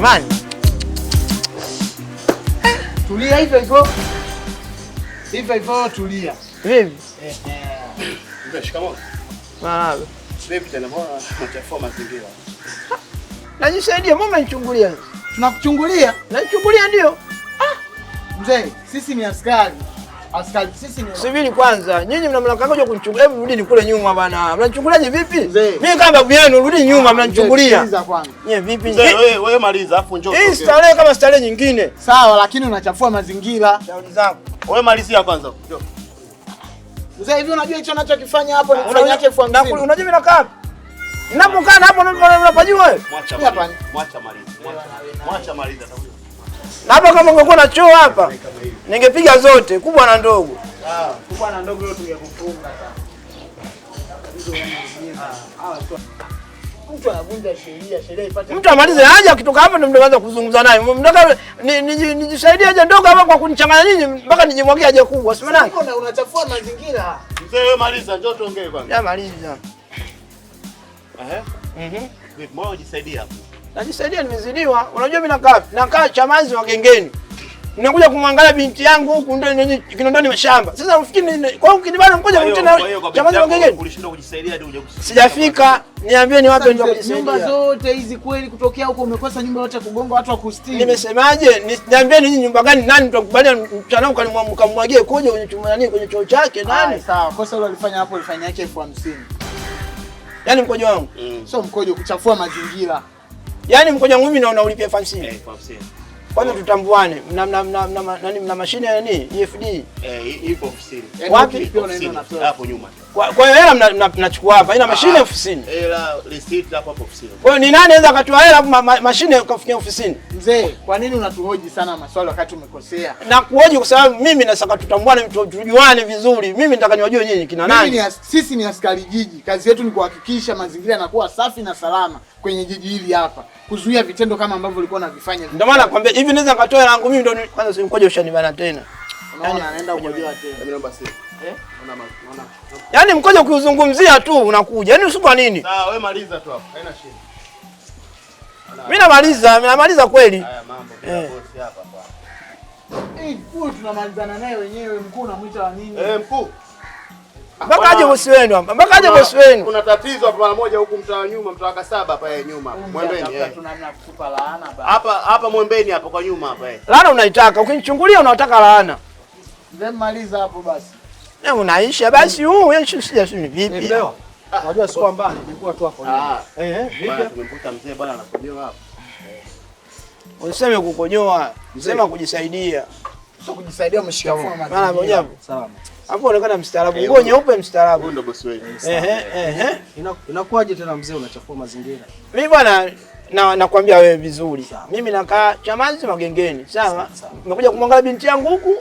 Jamani, tulia hivyo hivyo hivyo hivyo, tulia. Vipi? Najisaidia, mbona mnanichungulia? Tunakuchungulia? nachungulia ndio. Ah! Mzee, sisi ni askari Askari sisi ni kwanza. Nyinyi mna mlaka kuja kunichukua. Hebu rudini kule nyuma bana. Mnanichukuliaje vipi? Mimi kama babu yenu rudi nyuma ah, mnanichukulia. Nyie vipi? Wewe wewe maliza afu njoo. Hii starehe kama starehe nyingine. Sawa, lakini unachafua mazingira. Shauri zangu. Wewe malizia kwanza. Njoo. Mzee, hivi unajua hicho anachokifanya hapo ni kufanya yake elfu hamsini. Unajua mimi nakaa. Ninapokaa hapo unapajua wewe. Mwacha maliza. Mwacha maliza. Mwacha maliza. Hapo kama ungekuwa na choo hapa ningepiga zote kubwa na ndogo. Ah. Kubwa na ndogo yote tungekufunga Mtu amalize haja, kitoka hapa ndo mnaanza kuzungumza naye. Mtaka nijisaidie haja ndogo hapa kwa kunichanganya nyinyi mpaka nijimwagie haja kubwa, Sema nani, Unachafua mazingira. Mzee wewe maliza, njoo tuongee kwanza. Ya maliza. Eh? Mhm. Vipi, mbona unajisaidia hapo? Najisaidia nimezidiwa. Unajua mimi nakaa nakaa Chamazi wa gengeni. Ninakuja kumwangalia binti yangu huku ndio nyenye Kinondoni mashamba. Sasa ufikiri kwa hiyo kijibana mkoja mtu na chama cha ngenge. Ulishindwa kujisaidia ndio uje kusaidia. Sijafika, niambie ni wapi ndio kujisaidia. Nyumba zote hizi kweli kutokea huko umekosa nyumba yote kugonga watu wa kustini. Nimesemaje? Niambie ni nyumba gani nani mtakubalia mtandao mwagie kuja kwenye chuma nani kwenye choo chake nani? Sawa, kosa hilo alifanya hapo alifanya yake elfu hamsini. Yaani mkojo wangu. Mm. Sio mkojo kuchafua mazingira. Yaani mkojo wangu mimi naona ulipia elfu hamsini. Eh, kwanza tutambuane, mna mna mna mna nani mna mashine ya nini? EFD. Eh, ipo ofisini. Wapi? Hapo nyuma. Kwa hiyo hela mnachukua hapa, ina mashine ofisini. Hela receipt hapo hapo ofisini. Kwa hiyo ni nani anaweza akatoa hela alafu mashine kafikia ofisini? Mzee, kwa nini unatuhoji sana maswali wakati umekosea? Na kuhoji kwa sababu mimi nataka tutambuane, tujuane vizuri. Mimi nataka niwajue nyinyi kina nani. Mimi ni as, sisi ni askari jiji. Kazi yetu ni kuhakikisha mazingira yanakuwa safi na salama kwenye jiji hili hapa, kuzuia vitendo kama ambavyo ulikuwa unavifanya. Ndio maana nakwambia hivi, naweza nikatoa hela yangu mimi ndio kwanza, simkoje ushanibana tena. Unaona, anaenda kujua tena. Mimi naomba sisi. Eh? Yaani mkojo kuzungumzia tu unakuja. Yaani usiku nini? Sawa, wewe maliza tu hapo. Haina shida. Mimi namaliza, mimi namaliza kweli. Haya mambo bila eh. bosi hapa bwana. Eh, mkuu tunamalizana naye wenyewe, mkuu unamwita wa nini? Eh, mkuu. Mpaka aje bosi wenu hapa. Mpaka aje bosi wenu. Kuna tatizo hapa mara moja huku mtaa nyuma, mtaa wa saba hapa yeye nyuma. Mwembeni Hapa eh. eh. Hapa hapa mwembeni hapa kwa nyuma hapa yeye. Eh. Laana unaitaka, ukinichungulia unataka laana. Then maliza hapo basi na unaisha basi, huu shida si vipi? Unajua sio kwamba nilikuwa tu hapo. Eh, vipi? Tumemkuta mzee bwana anakojoa hapo. Useme kukojoa, sema kujisaidia. Sio kujisaidia mshikamoo. Maana mmoja salama. Hapo unaonekana mstaarabu. Nguo nyeupe mstaarabu. Huyo ndo bosi wetu. eh eh. Inakuwaje tena mzee unachafua mazingira? Mimi bwana na nakwambia wewe vizuri, mimi nakaa Chamazi Magengeni, sawa. Nimekuja kumwangalia binti yangu huku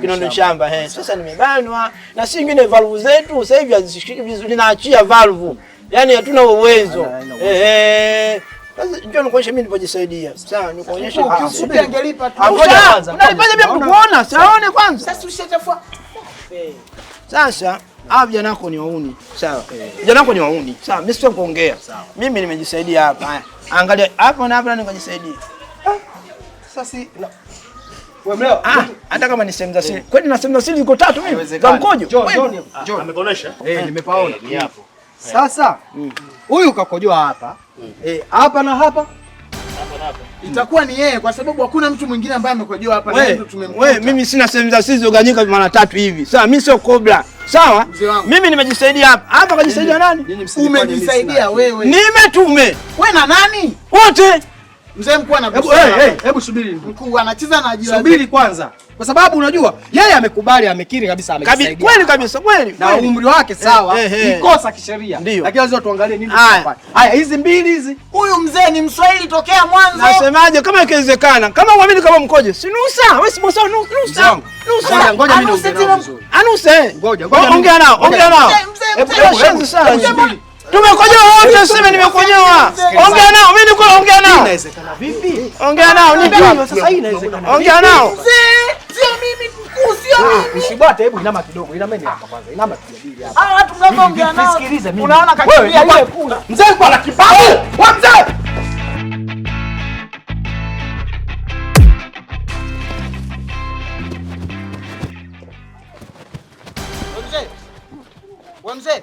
Kinondo shamba eh. Sasa nimebanwa na si ingine, valvu zetu sasa hivi hazishiki vizuri, naachia valvu, yani hatuna uwezo eh sasa njoo nikuonyeshe mimi nilipojisaidia. Sawa, nikuonyeshe. Ukisubiri angelipa tu. Ngoja kwanza. Unalipaje mimi kukuona? Siaone kwanza. Sasa ushachafua. Sasa hawa vijana wako ni wauni. Sawa. Vijana wako ni wauni. Sawa, mimi sio kuongea. Mimi nimejisaidia hapa. Haya. Angalia hapo na hapo nikajisaidia. Ah, sasa ah, hata kama ni sehemu za siri. Kwani na sehemu za siri ziko tatu mimi. Kwa mkojo. Amekuonesha? Eh, nimepaona. Eh, ni hapo. Sasa mm. huyu mm. kakojoa hapa mm. e, hapa na hapa, hapa, na hapa. Itakuwa ni yeye kwa sababu hakuna mtu mwingine ambaye amekojoa hapa na ndio tumemkuta. Wewe mimi sina sehemu za sisi zoganyika mara tatu hivi. Sawa, mimi sio kobra. Sawa? Mimi nimejisaidia hapa. Hapa kajisaidia nani? Umejisaidia wewe. Nimetume. Wewe na nani? Wote. Mzee mkuu ana Hebu hey, hey, hebu subiri ndugu. Mkuu anacheza na ajira. Subiri kwanza. Kwa sababu unajua yeye amekubali amekiri kabisa amekisaidia. Kweli kabisa kweli. Na umri wake eh, sawa, hey, eh, hey, hey. nikosa kisheria. Lakini lazima tuangalie nini tunafanya. Haya hizi mbili hizi. Huyu mzee ni Mswahili tokea mwanzo. Nasemaje kama ikiwezekana. Kama uamini kama mkoje. Si nusa. Wewe si bosa nusa. Nusa. Nusa. Ngoja mimi. Anuse. Ngoja ngoja. Ongea nao, ongea nao. Mzee mzee. Hebu subiri. Tumekojoa wote, useme nimekojoa. Ongea nao, mimi niko ongea nao. Inawezekana vipi? Ongea nao ni vipi? Sasa hii inawezekana. Ongea nao. Sio mimi mkuu, sio ah, mimi. Usibate, hebu inama kidogo. Inama ni hapa kwanza. Inama tujadili hapa. Ah, watu mnaongea nao. Sikiliza mimi. Unaona kakimbia ile kula. Mzee yuko na kibao. Wa mzee. Wa mzee.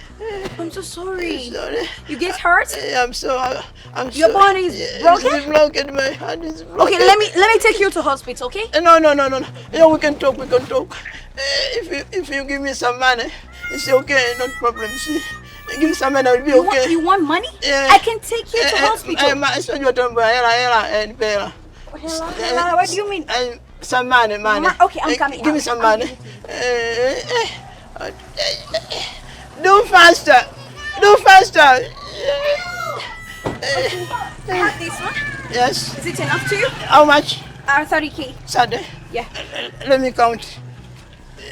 I'm so sorry. sorry. You get hurt? I, am so. I, am Your so, body is broken. It's broken. My hand is broken. Okay, let me let me take you to hospital. Okay? No, no, no, no, no. Yeah, we can talk. We can talk. Uh, if you if you give me some money, it's okay. No problem. See. Give me some money, I'll be you okay. Want, you want money? Yeah. I can take you to uh, hospital. Uh, I said you're talking about and what do you mean? some money, money. Ma okay, I'm coming. Uh, give me some money. Do faster. Do faster. Okay. this one. Yes. Is it enough to you? How much? Uh, 30k. Saturday? Yeah. Let me count.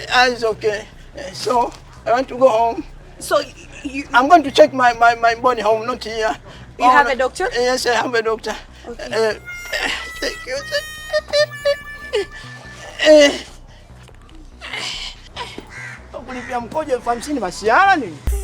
That's okay. So, I want to go home. So, you, I'm going to check my, my, my body home, not here. You oh, have a doctor? Yes, I have a doctor. Okay. Uh, uh thank you. Thank you. Uh, kulipia mkojo elfu hamsini masiara nini?